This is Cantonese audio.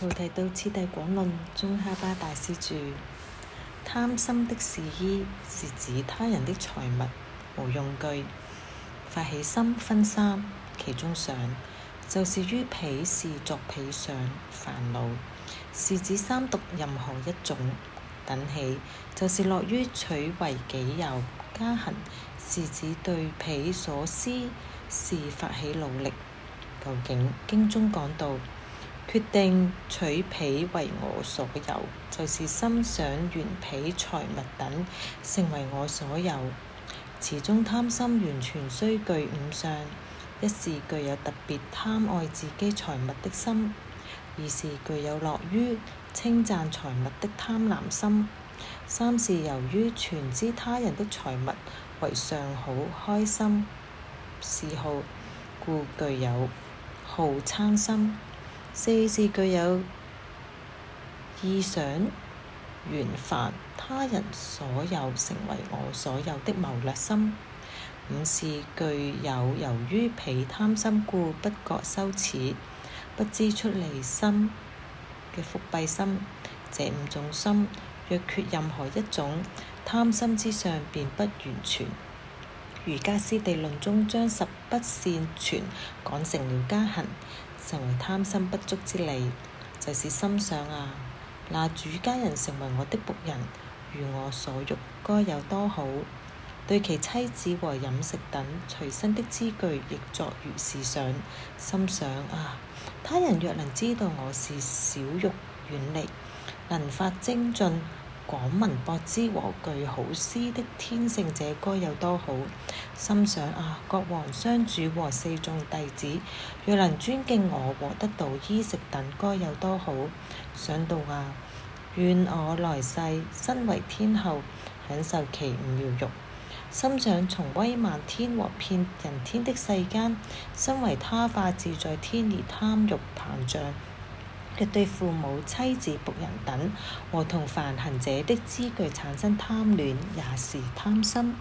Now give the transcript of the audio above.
菩提道次第廣論，宗喀巴大師住貪心的事依是指他人的財物和用具，發起心分三，其中想就是於彼事作彼想，煩惱；是指三毒任何一種等起，就是樂於取為己有加行；是指對彼所思是發起努力。究竟經中講到。決定取彼為我所有，就是心想願彼財物等成為我所有。此中貪心完全須具五相：一是具有特別貪愛自己財物的心；二是具有樂於稱讚財物的貪婪心；三是由於全知他人的財物為上好開心嗜好，故具有好貪心。四是具有意想願凡他人所有成為我所有的謀略心，五是具有由於被貪心故不覺羞恥，不知出離心嘅覆蔽心，這五種心若缺任何一種貪心之上便不完全。瑜伽師地論中將十不善傳講成了加行。成為貪心不足之理，就是心想啊，那主家人成為我的僕人，如我所欲，該有多好？對其妻子和飲食等隨身的資具，亦作如是想。心想啊，他人若能知道我是少欲遠離，能發精進，廣聞博知和具好思的天性者，該有多好？心想啊，國王相主和四眾弟子，若能尊敬我獲得到衣食等，該有多好？想到啊，願我來世身為天后，享受其物妙欲，心想從威漫天和遍人天的世間，身為他化自在天而貪欲膨脹。若對父母、妻子、僕人等和同犯行者的資具產生貪戀，也是貪心。